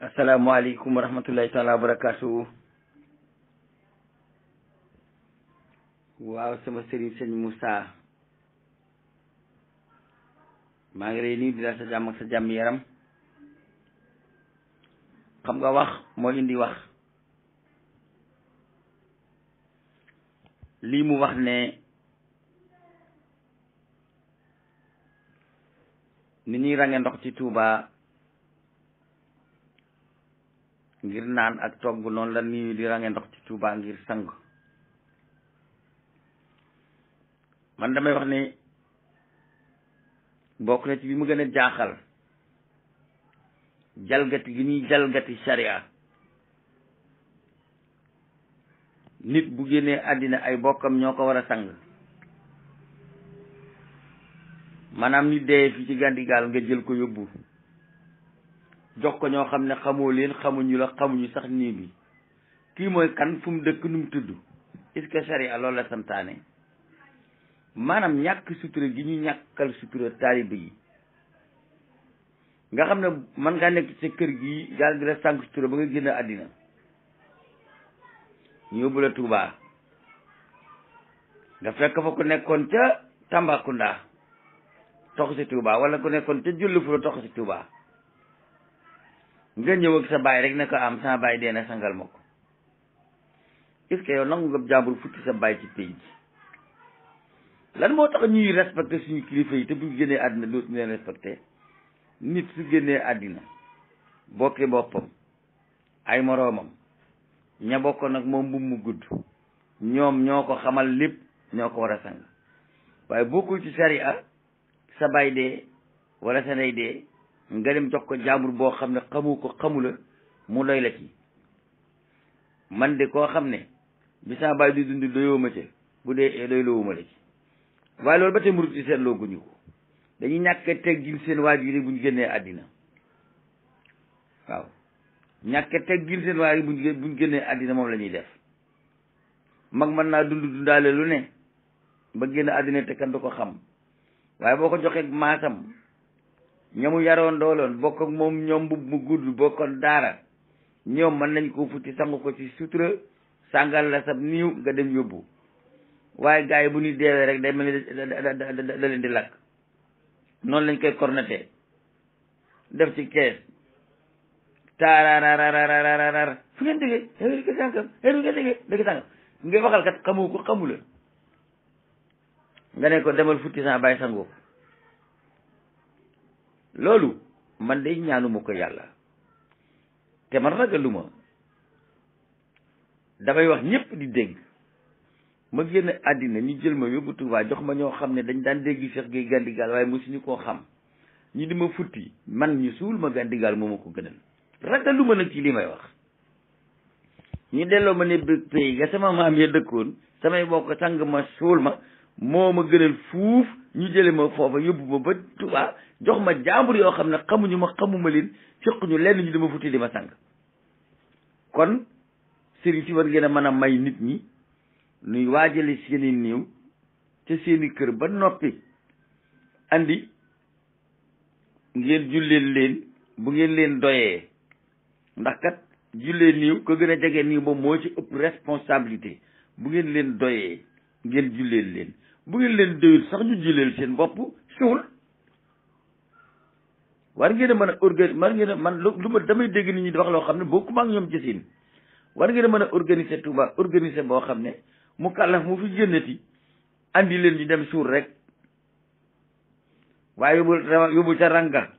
asalaamualeykum wa rahmatullahi taala wa barakaatu waaw sama sëriñ sëñ Moussa maa ngi lay nuyu di sa jam ak sa jàmm yaram xam nga wax moo indi wax lii wax ne ni ñuy range ci Touba ngir naan ak togg noonu la nit di range ndox ci Touba ngir sang man damay wax ni bokk na ci bi mu gën a jaaxal jalgati gi ñuy jalgati sharia nit bu génnee àddina ay bokkam ñoo ko war a sang maanaam nit dee fi ci gàndigaal nga jël ko yóbbu jox ko ñoo xam ne xamoo leen xamuñu la xamuñu sax nii bi kii mooy kan fu mu dëkk nu tudd est-ce que charia loolu la santaane maanaam ñàkk sutura gi ñu ñàkkal sutura taalibe yi nga xam ne man ngaa nekk sa kër gi yàlla di la sànq sutura ba nga génn àddina ñu yóbbu la Tuubaa nga fekk fa ku nekkoon ca Tambacounda tox si Tuubaa wala ku nekkoon ca Jolof la tox si Tuubaa nga ñëw ak sa baay rek ne ko am sama baay dee na sangal ma ko est-ce que yow nangu nga jàmbur futti sa baay ci pays bi lan moo tax ñuy respecté suñu kilifa yi te bu génnee àddina dootuñu leen respecté nit su génnee àddina bokki boppam ay moroomam ña bokkoon nag moom mu gudd ñoom ñoo ko xamal lépp ñoo ko war a sang waaye bokkul ci sariya sa baay dee wala sa ndey dee nga dem jox ko jaamur boo xam ne xamu ko xamu la mu doy la ci man de koo xam ne bi saa baay dund doyoo ma bu dee eh, doy loowu ma la ci waaye loolu ba tey murit seen waajur yi bu ñu génnee àddina waaw ñàkk teggil seen waajur bu ñu génnee àddina moom la ñuy def mag man naa dund dundaale lu ne ba génn àddina te kan du ko xam waaye boo ko joxee maasam ñamu yaroon dooloon bokk moom ñoom mbubb mu gudd bokkoon daara ñoom mën nañ ko futti sangu ko ci sutura sàngal la sab niiw nga dem yóbbu waaye gars bu ñu deewee rek day mel ni da leen di lakk noonu lañ koy corneté def ci kees taaraarararararar fu ngeen déggee ko xamu la nga ne ko loolu man day ñaanuma ko yàlla te man ragaluma damay wax ñëpp di dégg ma génn àddina ñu jël ma yóbbu Tuubaa jox ma ñoo xam ne dañ daan dégg Cheikh Gueye Gandigal waaye mosuñu koo xam ñu di ma futti man ñu suul ma Gandigal moo ma ko gënal ragaluma nag ci li may wax ñu delloo ma ne pays ga sama maam ya dëkkoon samay bokk sang ma suul ma moo ma gënal fuuf ñu jële ma foofa yóbbu ma ba Tuubaa jox ma jaambur yoo xam ne xamuñu ma xamuma leen fiquñu lenn ñu dama futti di ma sàng kon sëriñ si war ngeen a mën a may nit ñi nuy waajale seeni niiw ci seeni kër ba noppi andi ngeen julleen leen bu ngeen leen doyee ndax kat jullee néew ko gën a jege néew ba moo ci ëpp responsabilité bu ngeen leen doyee ngeen julleen leen bu ngeen leen doyul sax ñu jileel seen bopp suul war ngeen a mën a organiser war ngeen a man lu ma damay dégg nit ñi di wax loo xam ne bokkuma ak ñoom ci war ngeen a mën a organiser Touba organiser boo xam ne mu kàllaf mu fi génnati andi leen ñu dem suur rek waaye yóbbu yóbbu ca ranga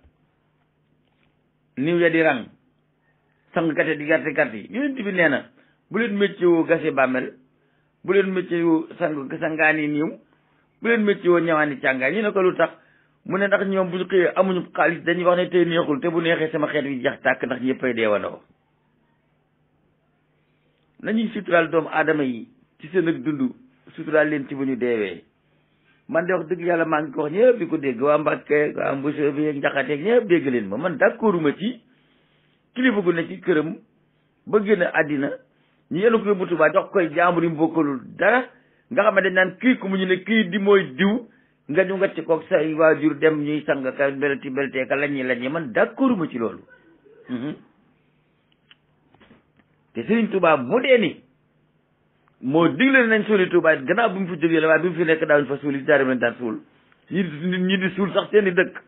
niw ya di rang sang gate di gàtt gàtt yi yonent bi nee na bu leen métier woo gase bàmmel bu leen métier woo sang sangaani bu leen métti woon ñëwaani càngaay ñu ne ko lu tax mu ne ndax ñoom bu ñu xëyee amuñu xaalis dañuy wax ne tey neexul te bu neexee sama xeet wi jax tàkk ndax ñëppay deewandoo nañuy suturaal doomu aadama yi ci seen ak dund suturaal leen ci bu ñu deewee man de wax dëgg yàlla maa ngi ko wax ñëpp di ko dégg waa Mbàkke waa Mbusoo bi ak Njaxateeg dégg leen ma man d'accorduma ci kilifa gu ne ci këram ba génn àddina ñu yenu ko yóbbu Tuubaa jox koy jaambur nga xam ne dañ naan kii ku mu ñu ne kii di mooy diw nga ñu nga ci koog say waajur dem ñuy sang ka belti beltee ka laññi laññi man d'accord ma ci loolu mhm. te Serigne Touba mu dee ni moo digle nañ suuli Touba it gannaaw bi mu fi jógee la waaye bi mu fi nekk daawuñ fa suul yi jaari lañ daan suul ñi di di suul sax seeni dëkk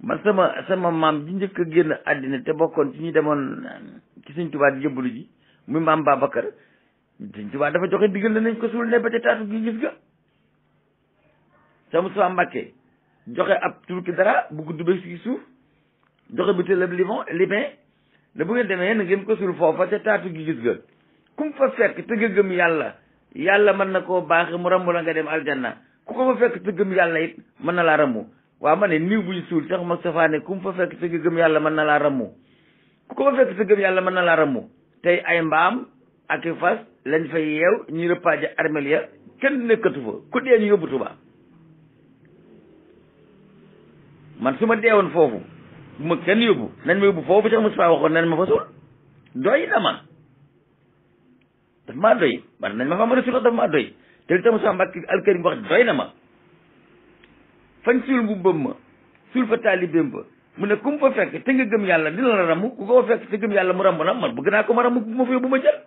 man sama sama maam ji njëkk a génn àddina te bokkoon ci ñu demoon ci Serigne Touba di jëbbalu ji muy maam Babacar Sëñ Tuubaa dafa joxe digal ne nañ ko suul ne ba ca taatu gi gis ga sa Mustafaa Mbàkke joxe ab tuuti dara bu gudd ba si suuf joxe bi tëlëb limon limin ne bu ngeen demee yenn ngeen ko suul foofa ca taatu gi gis ga kum fa fekk te gëm yàlla yàlla man na koo baax mu rammu la nga dem aljanna ku ko fa fekk te gëm yàlla it mën na laa rammu waa man ne niw buñ suul Cheikh Moustapha ne fa fekk te gëm yàlla mën na laa rammu ku ko fa fekk te gëm yàlla mën na laa rammu ak fas lañ fay yeew ñu repas ja kenn nekkatu fa ku dee ñu yóbbu Tuubaa man su ma deewoon foofu bu ma kenn yóbbu nañ ma yóbbu foofu sax Mustafaa waxoon ma fa suul doy na ma fa mën a suul daf doy te li tax Mustafaa Mbàkke alkarim wax doy na ma fañ suul bu bëm ma suul fa taalibeem ba mu ne ku mu fa fekk te nga gëm yàlla dina la ramm ku ko fekk te gëm yàlla mu ramm na man bëgg naa ko ma ramm bu ma fa yóbbu ma jël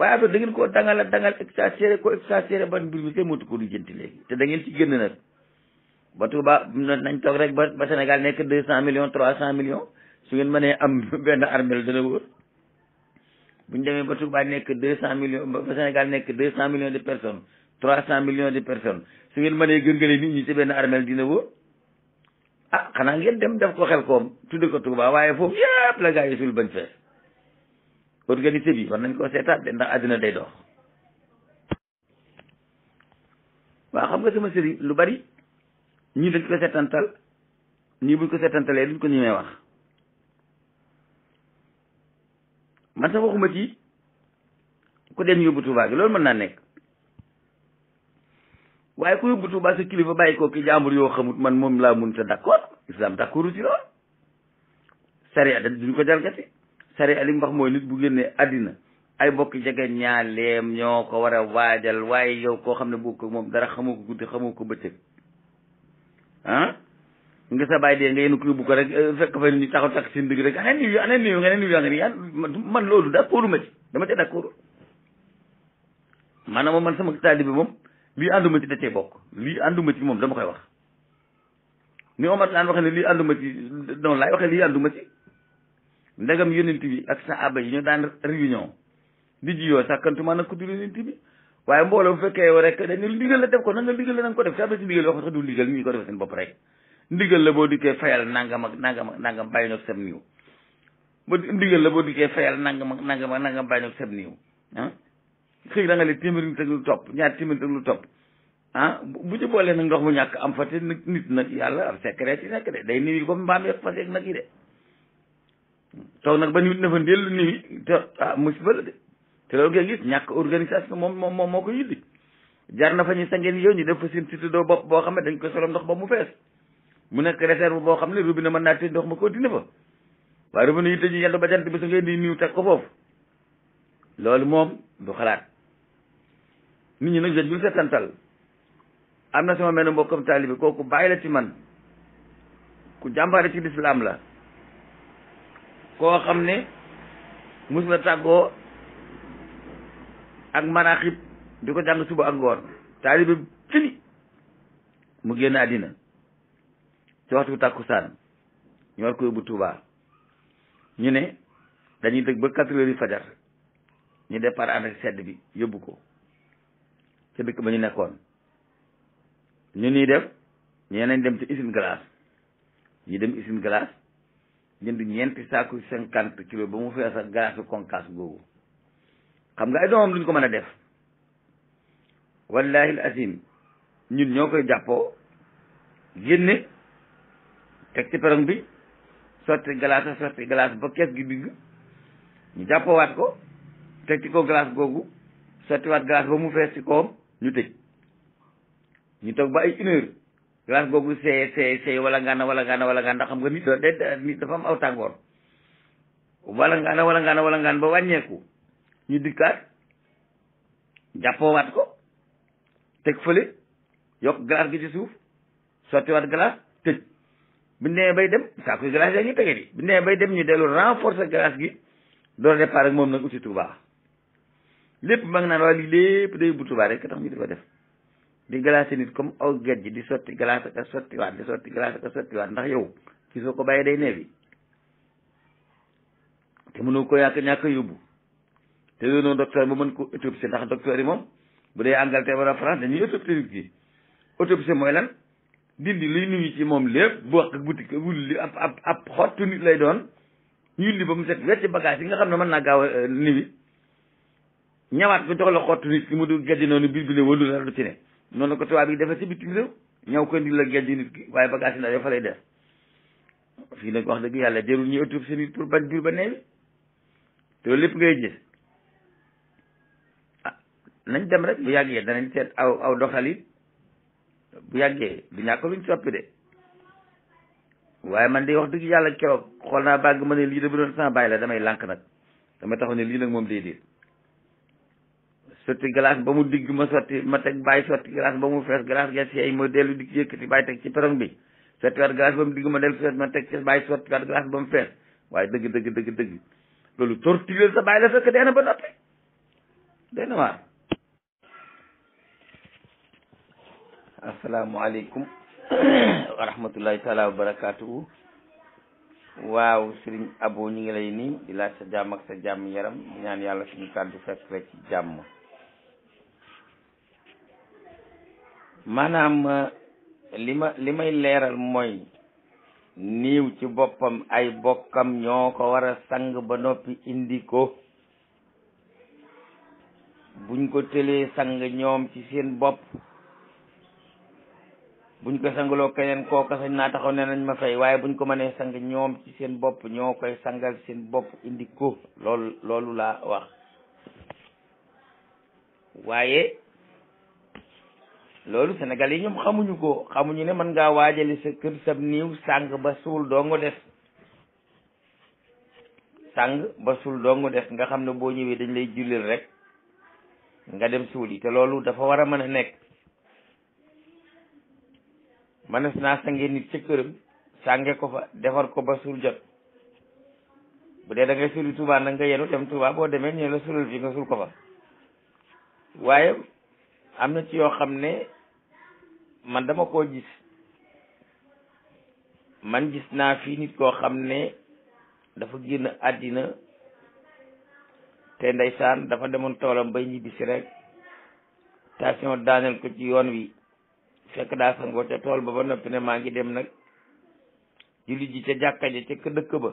waaye affaire da ngeen koo dangal a dangal exagéré ko exagéré ban mbir mi kenn mënatu ko du jënti léegi te da ngeen ci génn nag ba Touba nañ toog rek ba ba Sénégal nekk deux cent million trois cent millions su ngeen manee am benn armel dana wóor bu ñu demee ba Touba nekk deux cent millions ba Sénégal nekk deux cent millions de personnes trois cent millions de personnes su ngeen mënee gëngale nit ñi ci benn armel dina wóor ah xanaa ngeen dem def ko xel koom tudde ko Touba waaye foofu yëpp la gaa organisé bi war nañ koo seetaat de ndax àddina day dox waaw xam nga sama sëriñ lu bari ñii dañ ko seetantal ñii buñ ko seetantalee duñ ko ñemee wax man sax waxuma ci ku dem yóbbu Tuubaa gi loolu mën naa nekk waaye ku yóbbu Tuubaa sa kilifa bàyyi ko ki jaambur yoo xamut man moom laa mun te d'accord islam d'accord ci lool sariya da duñ ko jalgati sariya li mu wax mooy nit bu génnee àddina ay bokki jege ñaaleem ñoo ko war a waajal waaye yow koo xam ne ko moom dara xamoo ko guddi xamoo ko bëccëg ah nga sa bàyyi dee nga yéen ko yóbbu ko rek eh, fekk fa ñu taxaw tax seen dëgg rek ana niw ana niw nga ne niw yaa ah, man loolu d'accord ma ci dama cee d'accord maanaam man sama taalibe moom lii ànduma ci da cee bokk lii ànduma ci moom dama koy wax ni Omar Laan waxee ne lii ànduma ci noonu laay waxee lii ndegam yonent bi ak saxaaba yi ñu daan réunion di jiyoo sàkkantuma nag ku dul yonent bi waaye mbooloo bu fekkee yow rek dañu ndigal la def ko na nga ndigal la na nga ko def te am na ci ndigal yoo xam sax du ndigal ko def seen bopp rek ndigal la boo dikkee fayal nangam ak nangam ak nangam bàyyi noog sab niiw ba ndigal la boo dikkee fayal nangam ak nangam ak nangam bàyyi noog sab niiw ah da nga leen téeméer nit ak lu topp ñaar téeméer ak lu topp ah bu ci boolee nag ndox mu ñàkk am fa te nit nag yàlla ab secret ci nekk de day niw yi comme mbaam taw nag ba nit na fa dellu nii te ah musiba la de te loolu ngay gis ñàkk organisation moom moom moo ko yilli jar na fa ñu sangeen yow ñu def fa seen situdoo bopp boo xam ne dañ ko solo ndox ba mu fees mu nekk réserve boo xam ne robinet mën naa tëj ndox ma continué fa waaye robinet yi tëji yendu ba jant bi su ngeen di niw teg ko foofu loolu moom du xalaat nit ñu nag jot ñu setantal am na sama mel ne mbokkam taalibi kooku bàyyi la ci man ku jàmbaare ci lislaam la koo xam ne mus la tàggoo ak maraxib di ko jàng suba ak ngoon taalibe fili mu génn àddina ci waxtu tàkkusaan ñu war ko yóbbu Tuubaa ñu ne dañuy dëgg ba quatre heures yi fajar ñu départ ànd ak sedd bi yóbbu ko ca dëkk ba ñu nekkoon ñu nii def ñee nañ dem ci usine glace ñu dem usine glace jënd ñeenti saaku cinquante kilo ba mu fees ak garaasu konkaas googu xam nga ay doomam duñ ko mën a def wallahi al azim ñun ñoo koy jàppoo génne teg ci perong bi sotti glace sotti glace ba kees gi digg ko teg ci ko glace googu sottiwaat glace ba mu fees ci kawam ñu waan googu seey seey seey wala ngaana wala ngaana wala ndax xam nga nit nit dafa am aw tàngoor wala ngaana wala ngaana wala ngaan ba wàññeeku ñu dikkaat jàppoowaat ko teg fële yokk glace gi ci suuf sottiwaat glace tëj bu nee bay dem saaku glace yaa ngi tege di bu nee bay dem ñu dellu renforcer glace gi door départ ak moom nag uti Touba lépp mag naan waa lii lépp day bu Touba rek tax di ko def di glacé nit comme aw gerte ji di sotti glacé ka sottiwaat di sotti glacé ka sottiwaat ndax yow ki soo ko bàyyi day neebi te mënoo ko yàq ñàkk yóbbu te doonoo docteur ba mën ko autopsie ndax docteur yi moom bu dee Angleterre wala France dañuy autopsie nit ki autopsie mooy lan dindi luy moom lépp bu ab ab ab lay doon yulli ba mu set yi nga xam ne mën naa gaaw a euh, niwi ñawaat ko la xottu nit ki mu du gaddi noonu biir bi la lu ci ne noonu la ko tubaab yi defee ci bitim réew ñëw ko ndi la gejj nit ki waaye bagage yi ndax yoo fa fii nag wax dëgg yàlla jarul ñuy autopsie nit pour bañ jur ba neewi te lépp ngay gis ah nañ dem rek bu yàggee danañ seet aw aw doxalin bu yàggee du ñàkk luñ soppi de waaye man de wax dëgg yàlla keroog xool naa bàgg ma ne lii de bu doon sama bàyyi la damay lànk nag damay taxaw ne lii nag moom déedéet sotti glace ba mu digg ma sotti ma teg bàyyi sotti glace ba mu fees glace ga seey ma dellu di yëkkati bàyyi teg ci peron bi sotti waat ba mu digg ma dellu sotti ma teg ci bàyyi sotti waat glace ba mu fees waaye dëgg dëgg dëgg dëgg loolu tortiller sa bàyyi la fekk dee ba noppi dee na waar asalaamaaleykum wa taala wa barakaatuhu waaw sëriñ abo ñu ngi lay laaj sa jàmm sa jàmm yaram ñaan yàlla suñu kàddu fekk rek ci jàmm maanaam euh, li ma li may leeral mooy niiw ci boppam ay bokkam ñoo ko war a sang ba noppi indi ko buñ ko tëlee sang ñoom ci seen bopp buñ ko sangaloo keneen kooka sañ naa taxaw ne nañ ma fay waaye buñ ko mënee sang ñoom ci seen bopp ñoo koy sangal seen bopp indi ko loolu loolu laa wax waaye loolu senegal yi ñoom xamuñu ko xamuñu ne mën ngaa waajali sa kër sab niiw sàng ba suul doo nga def sàng ba suul doo nga def nga xam ne boo ñëwee dañ lay jullil rek nga dem suul yi te loolu dafa war a mën a nekk mënees naa sange nit ca këram sànge ko fa defar ko ba suul jot bu dee da ngay suuli Tuubaa nag nga yenu dem Tuubaa boo demee ñu la sulal fi nga suul ko fa waaye am na ci yoo xam ne man dama koo gis man gis naa fi nit koo xam ne dafa génn àddina te ndeysaan dafa demoon toolam bay ñibbisi rek station daaneel ko ci yoon wi fekk daa sangoo ca tool ba ba noppi ne maa ngi dem nag julli ji ca jàkka ja ca dëkk ba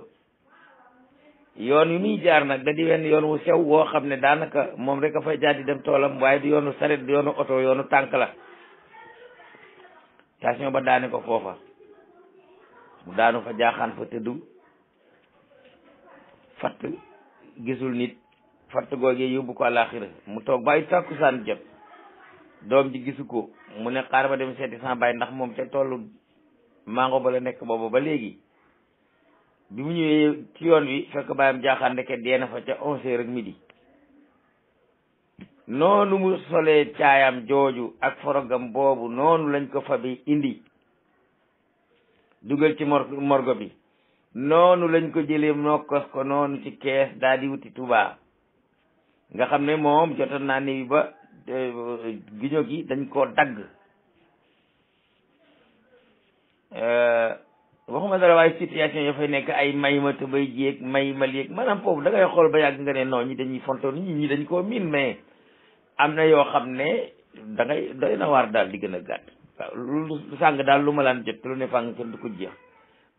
yoon yu muy jaar nag da di wenn yoon wu sew woo xam ne daanaka moom rek a fay jaar di dem toolam waaye du yoonu saret du yoonu oto yoonu tànk la station ba daane ko foofa mu daanu fa jaaxaan fa tëddu fatt gisul nit fatt googee yóbbu ko àlaaxira mu toog bàyyi tàkkusaan jot doom ji gisu ko mu ne xaar ma dem seeti sama bàyyi ndax moom ca tollu màngo ba la nekk booba ba léegi bi mu ñëwee ci yoon wi fekk bàyyam jaaxaan ndeke dee na fa ca onze heures midi noonu mu solee caayam jooju ak forogam boobu noonu lañ ko fabi indi dugal ci mor morgo bi noonu lañ ko jëlee nokkos ko noonu ci kees daldi wuti tubaa nga xam ne moom jotoon naa ni ba giño gi dañ koo dagg euh, waxuma dara waaye situation ya fay nekk ay may ma tëbay jéeg may ma léeg maanaam foofu da ngay xool ba yàgg nga ne non ñi dañuy fonto nit ñi dañ koo miin mais am na yoo xam ne da ngay doy na waar daal di gën a gàtt waaw lu sàng daal lu ma laan jot te lu ne fàng kenn du ko jeex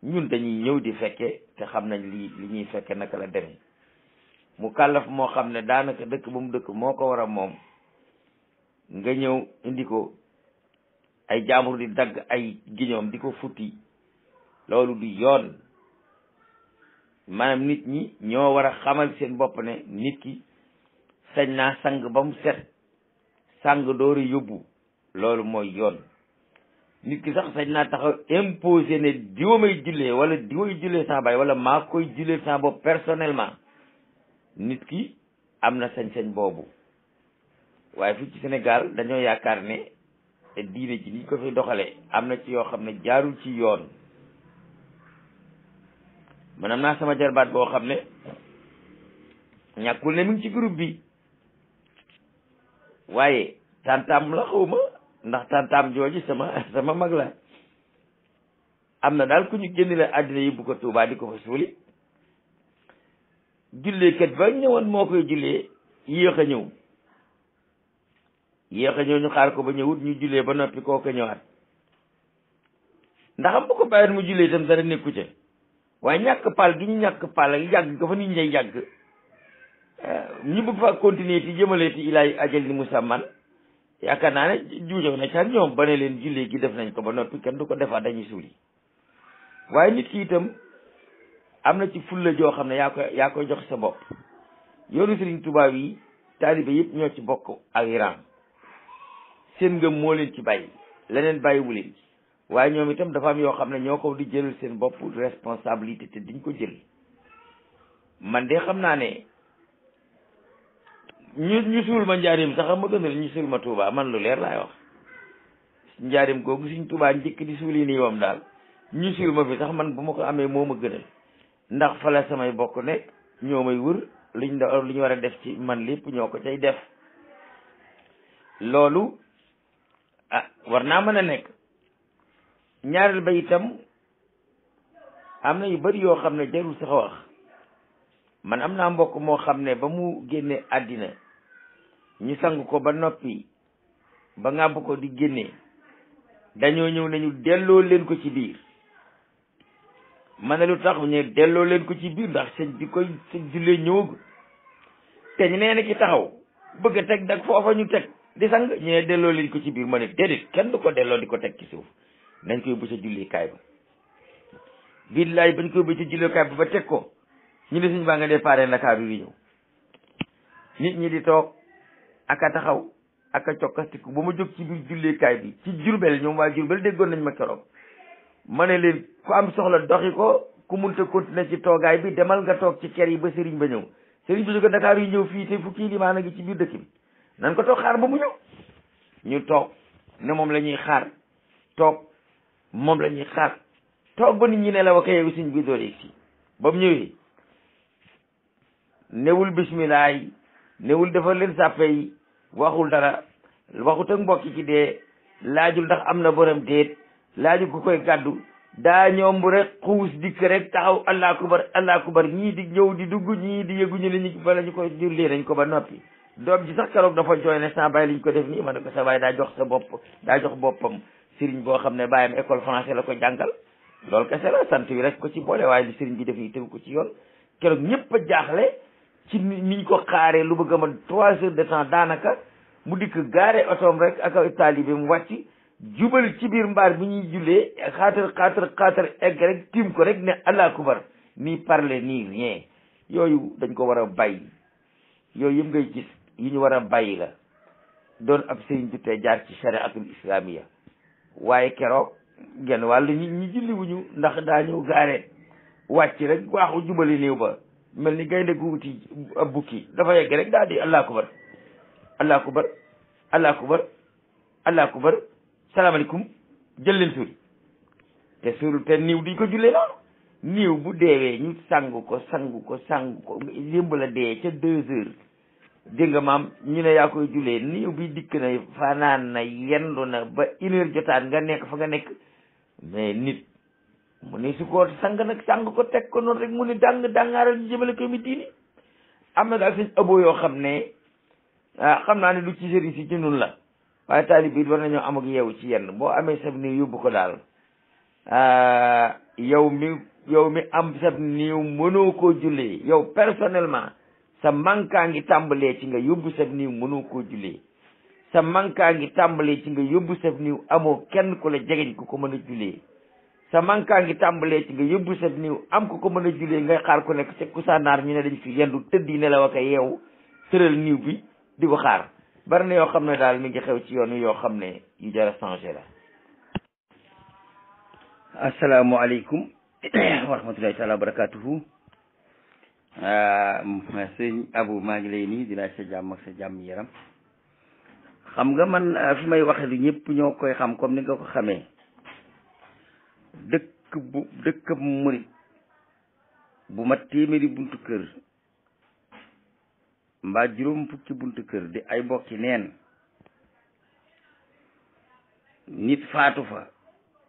ñun dañuy ñëw di fekke te xam nañ li li ñuy fekke naka la demee mu kàllaf moo xam ne daanaka dëkk ba mu dëkk moo ko war a moom nga ñëw indi ko ay jaambur di dagg ay giñoom di ko futti loolu du yoon maanaam nit ñi ñoo war a xamal seen bopp ne nit ki sañ naa sang ba mu set sang dooru yóbbu loolu mooy yoon nit ki sax sañ naa taxaw imposé ne diwa may jullee wala diwa may jullee saa baay wala maa koy jullee saa bopp personnellement nit ki am na sañ-sañ boobu waaye fii ci senegal dañoo yaakaar ne diine ci ni ko fi doxalee am na ci yoo xam ne jaarul ci yoon man am naa sama jarbaat boo xam ne ñàkkul ne mi ci groupe bi waaye tantam la xawma ndax tantam jooju sama sama mag la am na daal ku ñu génn la àddina yi bu ko Tuubaa di ko fa suuli julleekat ba ñëwoon moo koy jullee yéex a ñëw yéex a ñëw ñu xaar ko ba ñëwut ñu jullee ba noppi koo ko ñëwaat ndax am bu ko bàyyoon mu jullee itam dara nekku ca waaye ñàkk pal gi ñu ñàkk pal ak yàgg ko fa nit ñi yàgg Euh, ñi bëgg fa continuer ti jëmale ti ilaay ajal ni musamman yaakaar naa ne juujow na ca ñoom ba ne leen jullee gi def nañ ko ba noppi kenn du ko defaat dañuy suuli waaye nit ki itam am na ci fulla joo xam ne yaa koy yaa koy jox sa bopp yoonu Sëriñ Tuubaa yi taalibe yëpp ñoo ci bokk ak iran seen ngëm moo leen ci bàyyi leneen bàyyiwu leen waaye ñoom itam dafa am yoo xam ne ñoo ko di jël seen bopp responsabilité te diñ ko jël man de xam naa ne ñu ñu suul ma njaarim sax ma gënal ñu suul ma Touba man lu leer laay wax njaarim googu suñ tuubaa njëkk di suul yi nii wam daal ñu suul ma fi sax man bu ma ko amee moo ma gënal ndax fa samay bokk ne ñoo may wër liñ da lu ñu war a def ci man lépp ñoo ko cay def loolu ah war naa mën a nekk ñaareel ba itam am na yu bari yoo xam ne jarul sax wax man am naa mbokk moo xam ne ba mu génne àddina ñu sang ko ba noppi ba ngàbb ko di génnee dañoo ñëw nañu delloo leen ko ci biir ma ne lu tax ñu delloo leen ko ci biir ndax sëñ bi koy sëñ jullee ñëwagul te ñu ki taxaw bëgg a teg dag ñu teg di sang ne delloo leen ko ci biir ma ne kenn du ko delloo di ko teg ci suuf nañ koy bu sa jullikaay bañ koy bu sa teg ko ñu ne suñ baa nga dee nit ñi di toog ak a taxaw ak a cokkastiku bu ma jóg ci biir julleekaay bi ci jurbel ñoom waa jurbel déggoon nañ ma keroog ma ne leen ku am soxla doxi ko ku munta continuer ci toogaay bi demal nga toog ci ker yi ba sëriñ ba ñëw sëriñ bi jóge Dakar yu ñëw fii te fukki limaan a ngi ci biir dëkk bi nan ko toog xaar ba mu ñëw ñu toog ne moom la ñuy xaar toog moom lañuy xaar toog ba nit ñi ne la waka yeewu sëñ bi door yëg si ba mu ñëwee newul bismillaay newul dafa leen sàppe yi waxul dara waxut ak mbokki ci dee laajul ndax am na borom déet laaju gu koy gàddu daa ñoom bu rek xuus dikk rek taxaw allah kubar allah kubar ñii di ñëw di dugg ñii di yëguñu li ñu bala ñu ko jullee nañ ko ba noppi doom ji sax keroog dafa jooy ne sa baay liñ ko def nii man ko sa baay daa jox sa bopp daa jox boppam sëriñ boo xam ne bàyyam école français la ko jàngal loolu kese la sant wi rek ko ci boole waaye li sëriñ bi def nii tegu ko ci yoon keroog ñëpp a jaaxle ci niñ ko xaaree lu bëgg a trois heures de temps daanaka mu dikk gaare otoom rek ak ay mu wàcc jubal ci biir mbaar bi ñuy jullee xaatar xaatar xaatar egg rek tiim ko rek ne allah kubar nii parler nii rien yooyu dañ ko war a bàyyi yooyu yëpp ngay gis yi ñu war a bàyyi la doon ab sëriñ du tee jaar ci shariatul islamiya waaye keroog genn wàllu ñu ñi julliwuñu ndax daa ñëw gaare wàcc rek waaxu jubali néew ba mel ni gaynde gu wuti ab bukki dafa yegg rek daal di allah akubar allah akubar allah akubar allah jël leen suuri te suuru te niiw duñ ko jullee noonu niiw bu deewee ñu sangu ko sangu ko sangu ko yëmb la dee ca deux heures dégg nga maam ñu ne yaa koy jullee niiw bi dikk na fanaan na yendu na ba une heure jotaat nga nekk fa nga nekk mais nit mu ne su ko sang nag sang ko teg ko noonu rek mu ne dàng dàngaaral ñu jëmale ko mi am na daal sëñ abo yoo xam ne ah, xam naa ne du ci sëriñ si ci nun la waaye taalib war nañoo am ak yeewu ci yenn boo amee sab niiw yóbbu ko daal ah, yow mi yow mi am sab niiw mënoo koo jullee yow personnellement sa mankaa ngi tàmbalee ci nga yóbbu sab niiw mënoo koo jullee sa mankaa ngi tàmbalee ci nga yóbbu sab niiw amoo kenn ku la jegeñ ku ko mën a jullee sa mankaa ngi tàmbalee ci nga yóbbu sa néew am ko ko mën a julee ngay xaar ko nekk ci kusaanaar ñu ne dañ fi yendu tëdd yi nelaw ak a yeewu tëral néew bi di ko xaar bari na yoo xam ne daal mi ngi xew ci yoonu yoo xam ne yu jar a changé la asalaamaaleykum wa rahmatullahi taala wa barakatuhu ah, sëñ Abu maa ngi lay nii di laaj sa jàmm ak sa jàmm yaram xam nga man ah, fi may waxe du ñëpp ñoo koy xam comme ni nga ko xamee dëkk bu dëkkab murit bu mat téeméeri buntu kër mbaa juróom fukki buntu kër di ay bokki neen nit faatu fa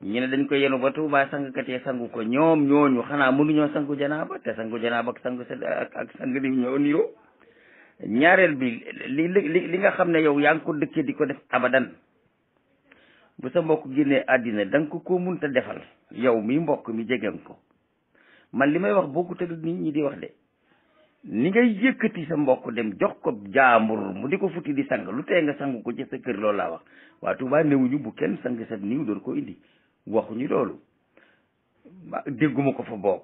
ñu ne dañ ko yenu ba Tuubaa sangkat yee sangu ko ñoom ñooñu xanaa mënuñoo sangu janaaba te sangu janaaba ak sangu sedd ak ak sang ñoo niroo ñaareel bi li li nga xam ne yow yaa ngi ko dëkkee di ko def abadan bu sa mbokk génnee àddina da ko ko munta defal yow mi mbokk mi jegeem ko man li may wax bokkut ak nit ñi di wax de ni ngay yëkkati sa mbokk dem jox ko jaambur mu di ko futti di sang lu tee nga sangu ko ci sa kër loolu laa wax waa Tuubaa newuñu bu kenn sang sa niw doon ko indi waxuñu loolu dégguma ko fa boog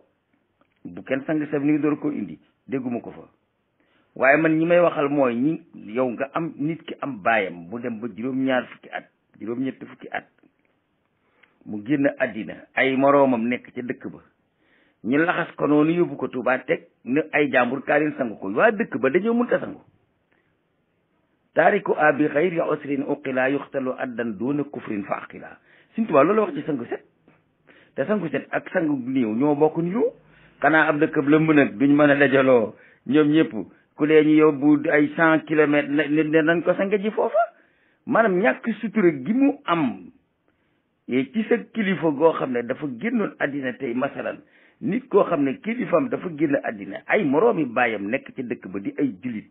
bu kenn sang sa niw doon ko indi dégguma ko fa waaye man ñi may waxal mooy ñi yow nga am nit ki am baayam bu dem ba juróom-ñaar fukki at juróom-ñetti fukki at mu génn àddina ay moroomam nekk ca dëkk ba ñu laxas ko noonu yóbbu ko Tuubaa teg ne ay jàmbur kaa leen sangu ko waa dëkk ba dañoo mënta sangu taariku a bi xayri usrin uqila yuxtalu addan duuna kufrin fa aqila Sëñ Tuubaa loolu wax ci sangu set te sangu set ak sangu néew ñoo bokk niroo xanaa am dëkk la mën a duñ mën a dajaloo ñoom ñëpp ku lee ñu yóbbu ay cent kilomètres ne nañ ko sange ji foofa maanaam ñàkk sutura gi mu am yooyu ci sa kilifa goo xam ne dafa génnoon àddina tey masalan nit koo xam ne kilifam dafa génn àddina ay moroomi baayam nekk ci dëkk ba di ay jullit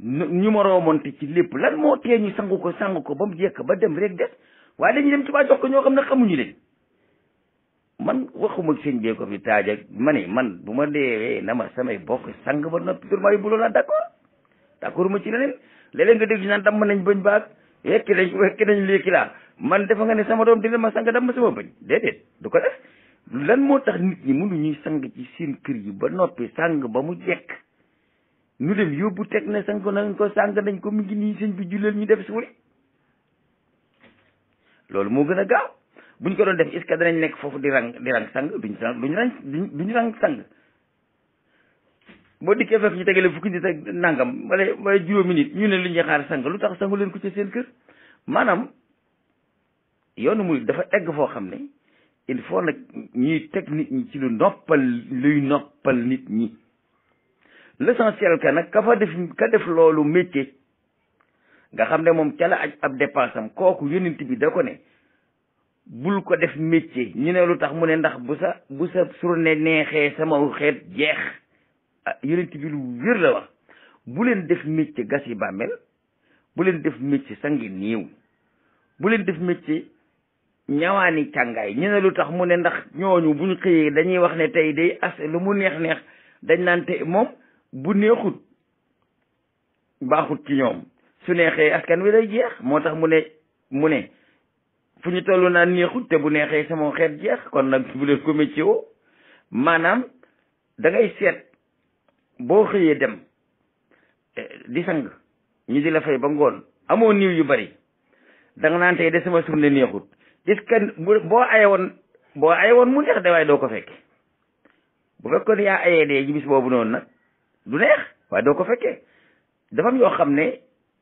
ñu moroomonte ci lépp lan moo tee ñu ko sangu ko ba mu jekk ba dem rek des waaye dañuy dem ci baa jox ko ñoo xam ne xamuñu leen man waxuma sëñ bee ko fi taaj ak ma man bu ma deewee na ma samay bokk sang ba noppi tur maayu buloo laa ah, d'accord ma ci leneen léeg-léeg nga dégg ñu naan damm nañ bëñ baag wekki nañ wekki nañ man defa nga ne sama doom dina ma sang dam ma sama bañ déedéet du ko def lan moo tax nit ñi mënuñuy sang ci seen kër yi ba noppi sang ba mu jekk ñu dem yóbbu teg ne sang nañ ko sang nañ ko mu ngi nii sëñ bi julleel ñu def suuli loolu moo gën a gaaw buñ ko doon def est-ce nekk foofu di rang di rang sang duñ sang duñ rang duñ rang sang boo dikkee fekk ñu tegale fukki nit ak nangam wala wala juróomi nit ñu ne lu ñuy xaar sang lu tax sangu leen ko ci seen kër maanaam yoonu mu dafa egg foo xam ne il faut nag ñi teg nit ñi ci lu noppal luy noppal nit ñi l'essentiel ka nag ka fa def ka def loolu métier nga xam ne moom ca la aj ab dépense kooku yonent bi da ko ne bul ko def métier ñu ne lu tax mu ne ndax bu sa bu sa surne neexee sama xeet jeex ah yonent bi lu wér la wax bu leen def métier gas yi bàmmeel bu leen def métier sangi néew bu leen def métier ñawaani càngaay ñu ne lu tax mu ne ndax ñooñu bu ñu xëyee dañuy wax ne tey day as lu mu neex neex dañ naan te moom bu neexut baaxut ci ñoom su neexee askan wi day jeex moo tax mu ne mu ne fu ñu toll naan neexut te bu neexee sama xeet jeex kon nag bu leen ko météo maanaam dangay ngay seet boo xëyee dem eh, di sang ñu di la fay ba ngoon amoo niiw yu bari da nga naan tey de sama surne neexut gis kan boo aye woon boo aye woon mu neex de waaye doo ko fekke bu fekkoon yaa ayee dee ji bis boobu noonu nag du neex waaye doo ko fekkee dafa yoo xam ne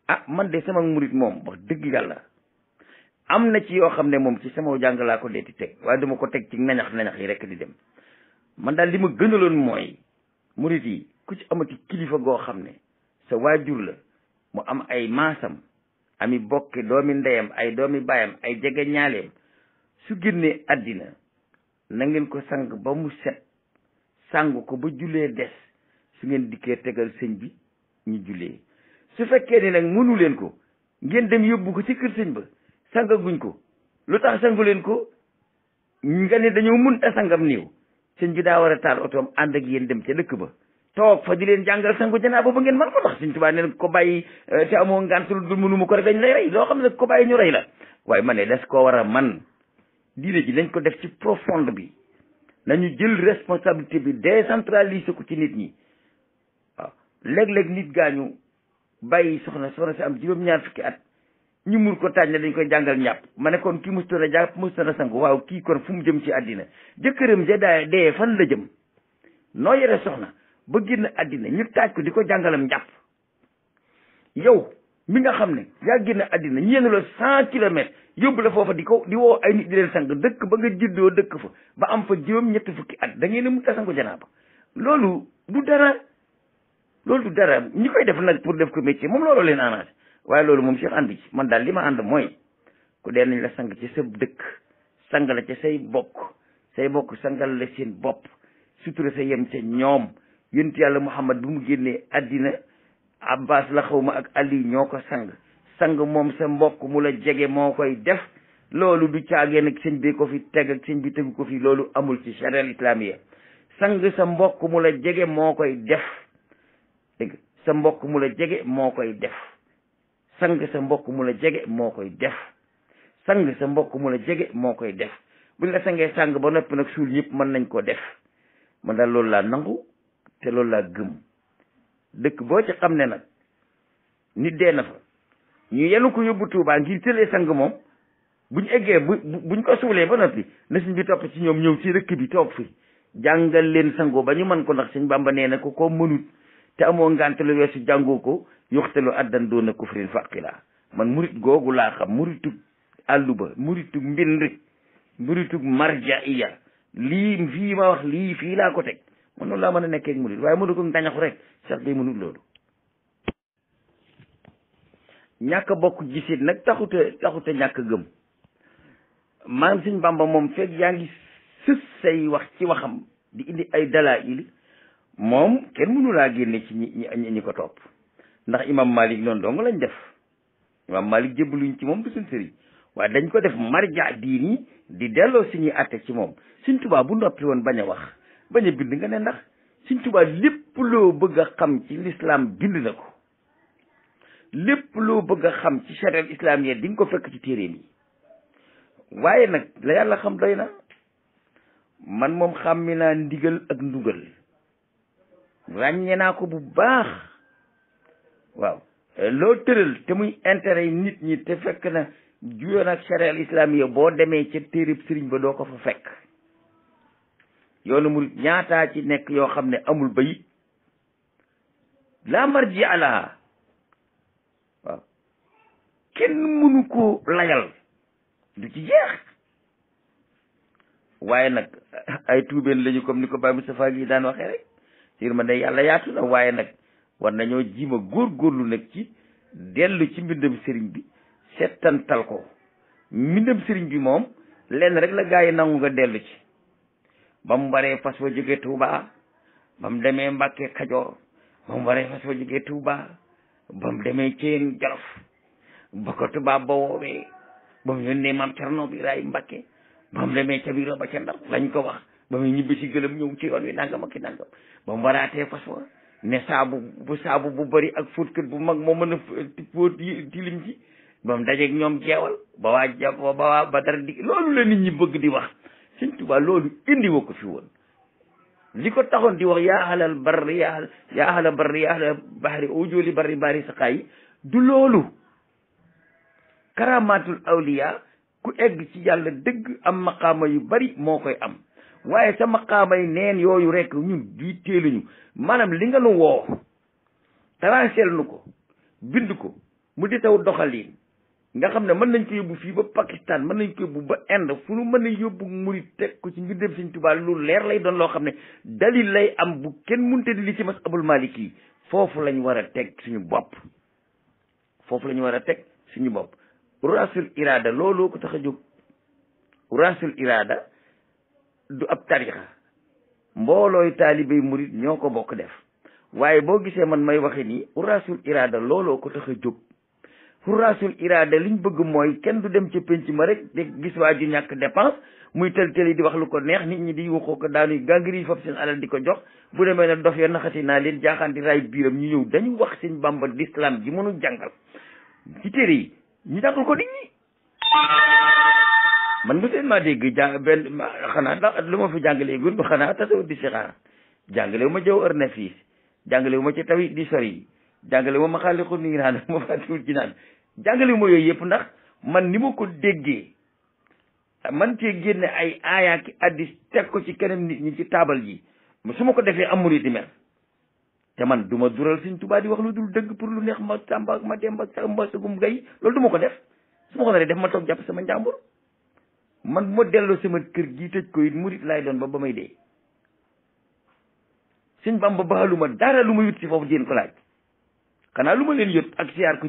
ah man de sama murit moom dëgg yàlla am na yoo xam ne moom ci sama jàng ko dee di teg waaye duma ko teg ci nañax nañax yi rek di dem man daal li ma gënaloon mooy murit yi ku ci amati kilifa goo xam ne sa waajur la mu am ay maasam ami bokki doomi ndeyam ay doomi baayam ay jege ñaaleem su génnee àddina na ngeen ko sang ba mu set sang ko ba jullee des su ngeen dikkee tegal sëñ bi ñu jullee su fekkee ni nag mënu leen ko ngeen dem yóbbu ko ci kër sëñ ba sangaguñ ko lu tax sangu leen ko nga ne dañoo mun a sangam néew sëñ bi daa war a taal otoom ànd ak yéen dem ca dëkk ba toog fa di leen jàngal sangu janaaba ba ngeen man ko ndax Sëñ Tuubaa neen ko bàyyi eh, te amoo ngant lu dul ko rek dañ lay rey loo xam ne ko bàyyi ñu rey la waaye man ne des koo war a man diine ji nañ ko def ci profonde bi nañu jël responsabilité bi décentraliser ko ci nit ñi waaw léeg-léeg gaa ñu bàyyi soxna soxna si am juróom-ñaar fukki at ñu mur ko taaj ne dañ koy jàngal ñàpp ma ne kon kii mustoon a jàpp mustoon sangu waaw kii kon fu mu jëm ci àddina jëkkëram ja daa dee fan la jëm noo yore ba génn àddina ñu taaj ko di ko jàngalam njàpp yow mi nga xam ne yaa génn àddina ñu yenu la cent kilomètres yóbbu la foofa di ko di woo ay nit di sang dëkk ba nga juddoo dëkk fa ba am fa juróom ñetti fukki at da ngeen ne mu tasangu janaaba loolu du dara loolu du dara ñi koy def nag pour def ko métier moom loolu leen arrangé waaye loolu moom Cheikh ànd ci man daal li ma ànd mooy ku dee nañ la sang ci sa dëkk sang ci say bokk say bokk sangal seen bopp sutura sa yem ca ñoom yonent yàlla Muhammad bu mu génnee àddina Abbas la xaw ma ak Ali ñoo ko sang sang moom sa mbokk mu la jege moo koy def loolu du caagee nag sëñ bi ko fi teg sëñ bi tegu ko fi loolu amul ci charia islamiya sang sa mbokk mu la jege moo koy def dégg sa mbokk mu la jege moo koy def sang sa mbokk mu la jege moo koy def sang sa mbokk mu la jege moo koy def buñ la sangee sang ba noppi nag suul ñëpp mën nañ koo def man daal loolu laa nangu te loolu laa gëm dëkk boo ci xam ne nag nit dee na fa ñu yenu ko yóbbu Touba ngir tëlee sang moom buñ eggee bu buñ ko suulee ba noppi na sëñ bi topp ci ñoom ñëw ci rëkk bi toog fi jàngal leen sangoo ba ñu mën ko ndax sëñ Bàmba nee na ko ko mënut te amoo ngante lu weesu jàngoo ko yoxtelu addan doona kufrin faqila man murit googu laa xam muritug àlluba muritug mbinri muritug marja iya lii fii ma wax lii fii laa ko teg man noonu laa mën a nekkee ak murid waaye mënu ko dañaxu rek Cheikh Gueye mënul loolu ñàkk bokk gisit nag taxute taxute ñàkk gëm maanaam Sëñ Bàmba moom fekk yaa ngi sës say wax ci waxam di indi ay dalaa il moom kenn mënu génne ci ñi ñi ñi ko topp ndax imam Malik noonu dong lañ def imam Malik jébbaluñ ci moom du suñ waaye dañ ko def marja diini di delloo suñuy àtte ci moom suñ Tuubaa bu noppi woon bañ a wax bañ a bind nga ne ndax Sëriñ Tuubaa lépp loo bëgg xam ci lislaam bind na ko lépp loo bëgg a xam ci charia islamienne di nga ko fekk ci téeréem yi waaye nag la yàlla xam doy na man moom xàmmi ndigal ak ndugal ràññee naa ko bu baax waaw loo tëral te muy intérêt yi nit ñi te fekk na juyoon ak charia islamienne boo demee ca téeréb sëriñ ba doo ko fa fekk yoonu mu ñaataa ci nekk yoo xam ne amul bayit laa marji alaha kenn mënu koo layal du ci jeex waaye nag ay tuubeen lañu comme ni ko Baye Moustapha gi daan waxee rek sir ma ne yàlla yaatu na waaye nag war nañoo jiima góorlu nag ci dellu ci mbindam sëriñ bi settantal ko mbindam sëriñ bi moom lenn rek la gaa yi nangu nga dellu ci ba mu waree fas wa jóge Touba ba demee Mbàkke Kajoor ba mu waree fas wa jóge Touba ba mu demee Ceen Jolof ba ko tubaab ba woowee ba mu yónnee maam Cerno Biraay Mbàkke ba mu demee ca ba ca Ndar ko wax ba muy ñibbi si gëlëm ñëw ci yoon wi nangam ak i nangam ba mu waraatee fas wa ne saabu bu saabu bu bari ak fóotkat bu mag moo mën a fóot tilim ci ba mu dajeeg ñoom jeewal ba waa ba waa loolu la nit ñi bëgg di wax Sëñ Tuubaa loolu indi ko fi woon li ko taxoon di wax yaa ahlal barri yaa ahl yaa ahlal barri yaa ahlal bahri ujooli barri bari saqaayi du loolu karamatul awliya ku egg ci yàlla dëgg am yu bari moo koy am waaye sa maqaama yi neen yooyu rekk ñun di teeluñu maanaam li nga nu woo trancel nu ko bind ko mu di taw doxalin nga xam ne mën nañ ko yóbbu fii ba Pakistan mën nañ ko yóbbu ba Inde fu nu mën a yóbbu murit teg ko ci ngir dem Sëñ Tuubaa lu leer lay doon loo xam ne dalil lay am bu kenn munte di li ci masabul Maalik yi foofu lañ war a teg suñu bopp foofu lañu war a teg suñu bopp rasul irada looloo ko tax a jóg rasul irada du ab tarixa mboolooy taalibey murit ñoo ko bokk def waaye boo gisee man may waxe nii rasul irada looloo ko tax a jóg xuraasul iraada ñu bëgg mooy kenn du dem ca penc ma rek de gis waa ju ñàkk dépense muy tel tel yi di wax lu ko neex nit ñi di waxoo ko daanuy gàngir yi fab seen alal di ko jox bu demee ne dof ya naxati naa leen jaaxaanti raay biiram ñu ñëw dañu wax seen bàmba lislaam ji mënu jàngal ci téere yi ñu jàngal ko nit ñi man bu teen maa dégg jàng benn xanaa lu ma fi jàngalee gun ba xanaa tasawut di sixaar jàngale wu ma jaww ar nafis jàngale wu ci tawi di sori jàngale wu ma xaaliqu niiraan ma fàttiwul ci naan jàngale ma yooyu yëpp ndax man ni ma ko déggee man cee génne ay aaya ki addis teg ko ci keneen nit ñi ci taabal ji su ma ko defee amuri di mer te man du ma dural Sëñ tubaab di wax lu dul dëgg pour lu neex ma Samba ma Demba Samba Sugum Gay loolu du ko def su ma ko naree def ma toog jàpp sama njàmbur man bu ma delloo sama kër gi tëj ko it murit laay doon ba ba may dee Sëñ Bamba baalu ma lu ma yut si foofu di leen ko laaj xanaa lu ma leen yot ak siyaar ko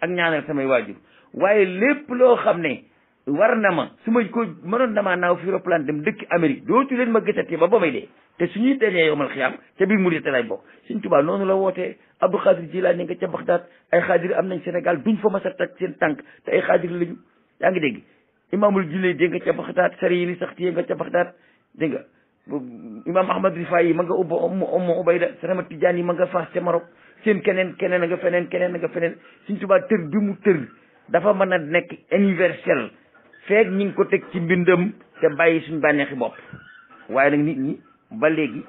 ak ñaanal samay waajur waaye lépp loo xam ne war na ma su ma ko mënoon damaa naaw fi roplaan dem dëkk Amérique dootu leen ma gisati ba ba may de te suñuy dajee yowmal xiyaam ca biir murit lay bokk Sëñ Tuubaa noonu la wootee Abdou Xaadir Jilaani nga ca Baxdaad ay xaadir am nañ Sénégal duñ fa mas a teg seen tànk te ay xaadir lañu yaa ngi dégg imaamul Junayd dégg nga ca Baxdaad Sarayini sax téye nga ca Baxdaad dégg nga imaam Ahmad Rifaay yi ma nga ubba Umm Ubayda Sarama yi ma nga Faas ca Marok seen keneen keneen nga feneen keneen nga feneen Sëriñ Tuubaa tër bi mu tër dafa mën a nekk universel feek ñi ngi ko teg ci mbindam te bàyyi suñ bànneexi bopp waaye nag nit ñi ba léegi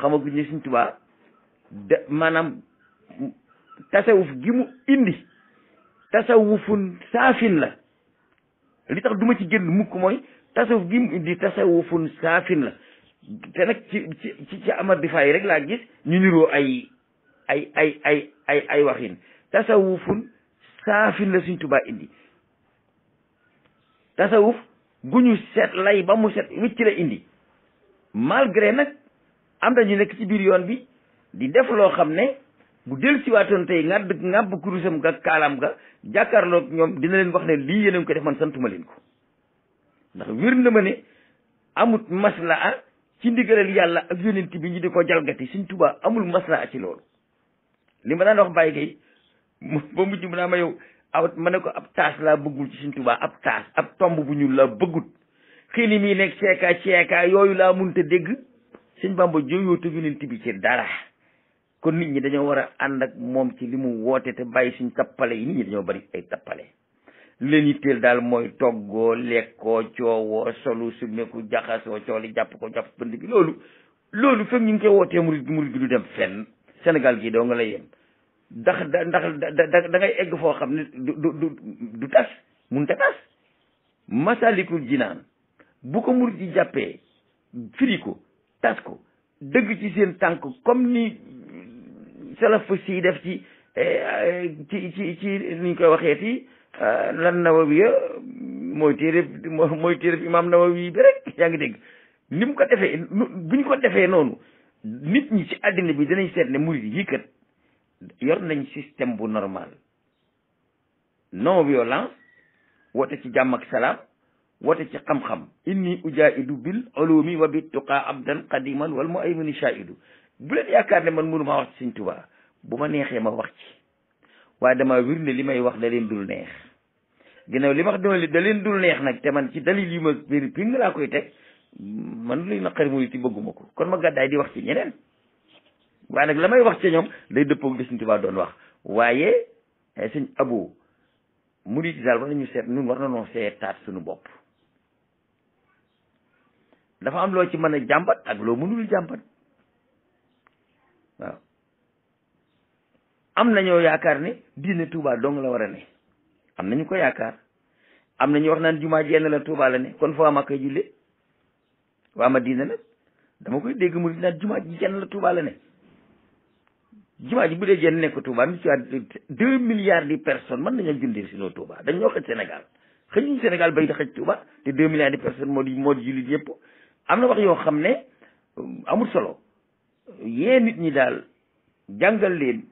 xamaguñ ne Sëriñ Tuubaa de maanaam tasawuf gi mu indi tasawufun saafin la li tax duma ci génn mukk mooy tasawuf gi mu indi tasawufun saafin la te nag ci ci ci Amar Difaay rek laa gis ñu niroo ay ay ay ay ay ay waxin tasawufun saafin la Sëriñ Tuubaa indi tasawuf gu ñu set lay ba mu set wicc la indi malgré nag am na ñu nekk ci biir yoon bi di def loo xam ne bu del siwaatoon tey ngàdd ngàbb kurusam ga kaalam ga jàkkaarloog ñoom dina leen wax ne lii yéen a ngi ko def man santuma leen ko ndax wér na ma ne amut maslaa ci ndigalal yàlla ak yonent bi ñu di ko jalgati Sëriñ Tuubaa amul laa ci loolu li ma daan wax Mbaye Gueye ba mujj mu naa ma yow aw ma ne ko ab taas laa bëggul ci Sëñ Tuubaa ab taas ab tomb bu ñuul laa bëggut xili mi nekk ceeka ceeka yooyu laa munta dégg Sëñ Bamba jooyootu yonent bi ci dara kon nit ñi dañoo war a ànd ak moom ci li mu woote te bàyyi suñ tappale yi nit ñi dañoo bari ay tappale li leen yitteel daal mooy toggoo lekkoo coowoo solu sumeku jaxasoo cooli jàpp ko jàpp bënd bi loolu loolu fekk ñu ngi koy wootee murid gi murid gi du dem fenn Sénégal gii ndax da ndax da da ngay egg foo xam ne du du du tas mun te tas masalikul jinaan bu ko mur ji jàppee firi ko tas ko dëgg ci seen tànk comme ni salaf si def ci eh, ci ci ci niñ koy waxee ci eh, lan nawawi ya mooy téere mooy téere imaam nawawi bi rek yaa ngi dégg ni mu ko defee buñ ko defee noonu nit ñi ci àddina bi danañ seet ne murid yi kat yor nañ système bu normal non violence woote ci jàmm ak salaam woote ci xam-xam inni ujaahidu bil ulumi wa bit tuqa abdan qadiman wal mu'aymini shaahidu bu leen yaakaar ne man mënumaa wax ci Sëñ Tuubaa bu ma neexee ma wax ci waaye dama wir ne li may wax da leen dul neex ginnaaw li ma wax da leen dul neex nag te man ci dalil yi ma péri ping laa koy teg man luy naqari murit yi bëgguma ko kon ma gàddaay di wax ci ñeneen waaye la may wax ci ñoom day dëppoog li Tuubaa doon wax waaye eh, sëñ Abo murid daal war nañu seet nun war nañoo seetaat suñu bopp dafa am loo ci mën a jàmbat ak loo mënul jàmbat waaw am nañoo yaakaar ne diine Touba dong war a ne am nañu ko yaakaar am na ñu wax naan jumaa jenn la Touba la ne kon foo am ak koy jullee waa ma diine nag dama koy dégg murid naan jumaa jenn la Touba la ne jumaa ji bu dee jeen nekk Touba mi ci waat deux milliards de personnes mën nañoo julli si noo Touba dañ ñoo xëj Sénégal xëjuñu Sénégal bay da xëj Touba te deux milliards de personnes moo di moo di jullit yëpp am na wax yoo xam ne euh, amul solo yee nit ñi daal jàngal leen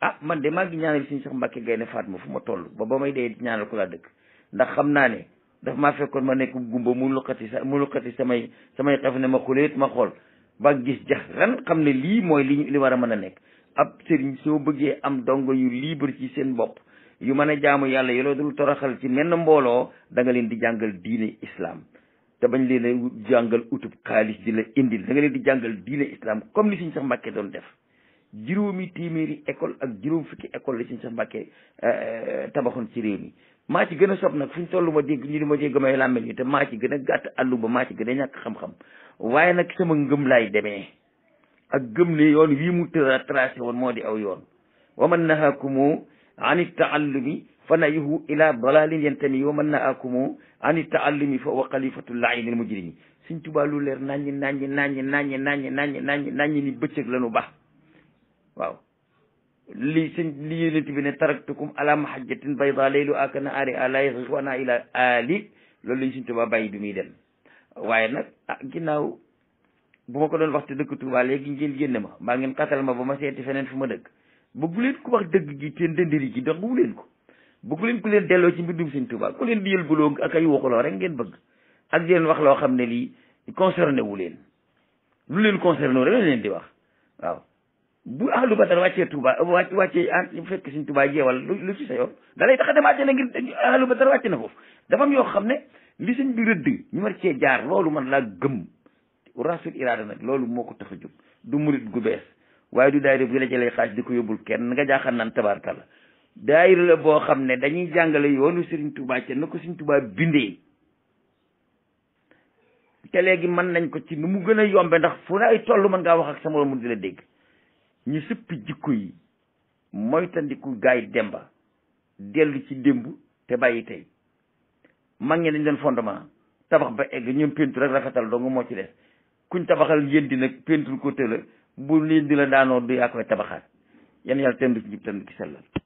ah man de maa ngi ñaanal suñu sax Mbàkke Gaynde Fatma fu ma toll ba ba may dee ñaanal ko laa dëkk ndax xam naa ne daf maa fekkoon ma nekk gumba mu luqati sa mu luqati samay samay xef ne ma xool ba gis jax ran lii mooy li li war a mën a nekk ab sëriñ soo bëggee am dongo yu libre ci seen bopp yu mën a jaamu yàlla yoloo dul toroxal ci na mbooloo danga nga leen di jàngal diine islaam te bañ leen a jàngal utub xaalis di la indil da nga leen di jàngal diine islam comme ni Sëriñ Seex Mbàkke doon def juróomi téeméeri école ak juróom fukki école la Sëriñ Seex Mbàkke eh, eh, tabaxoon ci réew mi maa ci gën a sob nag fu ñu toll ma dégg ñu di ma dégg may làmmeñ ñu te maa ci gën a gàtt àllu ba maa ci gën a ñàkk waaye nag sama ngëm laay demee ak gëm ne yoon wii mu tëra tracé woon moo di aw yoon wa man nahaakumu an ittaallumi fa nayuhu ila dalalin yantami wa man nahaakumu an ittaallumi fa wa xalifatu laayinil mujrimi suñ tubaa lu leer naññi naññi naññi naññi naññi naññi naññi naññi ni bëccëg lanu ba waaw li sëñ li yonent bi ne taraktukum ala mahajjatin bayda laylu akana ari ala yaxis wana ila ali loolu lañ suñ tubaa bàyyi bi muy dem waaye nag ah ginnaaw bu ma ko doon wax te dëkk Touba léegi ngeen génne ma mbaa ngeen xatal ma ba ma seeti feneen fu ma dëkk bëggu ku wax dëgg gi teen dëndëri gi dox bu leen ko bëggu leen ku leen delloo ci mbindum sëñ Touba ku leen di yëlbuloo ak ay waxuloo rek ngeen bëgg ak di wax loo xam ne lii concerné wu leen lu leen concerné wu rek leen di wax waaw bu ahlu badar wàccee Touba wàccee bu ah, fekk sëñ Touba jeewal lu ci sa yoon da lay tax a dem àjjana ngir ahlu badar wàcce na foofu dafa am yoo xam ne li sëñ bi rëdd ñu war cee jaar loolu man laa gëm rafet iraada nag loolu moo ko tax a jóg du murit gu bees waaye du daayira bu la jëlee xaaj di ko yóbbul kenn nga jaaxal naan tabaarkalla daayira la boo xam ne dañuy jàngale yoonu Serigne Touba ca na ko Serigne Touba bindee te léegi man nañ ko ci nu mu gën a yombe ndax fu ne ay toll mën ngaa wax ak sama moroom di la dégg ñu sëppi jikko yi moytandiku gaay demba dellu ci démb te bàyyi tey mag ñi dañ doon fondement tabax ba egg ñoom pentu rek rafetal dong moo ci ñu tabaxal ngeen di nag peinture ko la bu leen di la daanoo du yaa koy tabaxaat yan yàlla tendu ci jub tendu ci sellal